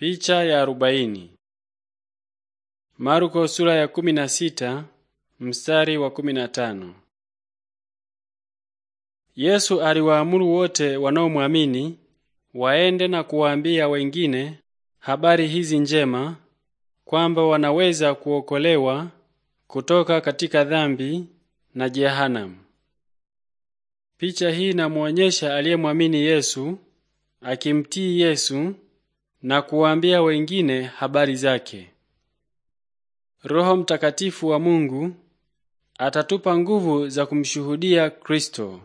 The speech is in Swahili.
Picha ya arobaini. Marko sura ya kumi na sita mstari wa kumi na tano. Yesu aliwaamuru wote wanaomwamini waende na kuwaambia wengine habari hizi njema kwamba wanaweza kuokolewa kutoka katika dhambi na jehanamu. Picha hii inamwonyesha aliyemwamini Yesu akimtii Yesu na kuwaambia wengine habari zake. Roho Mtakatifu wa Mungu atatupa nguvu za kumshuhudia Kristo.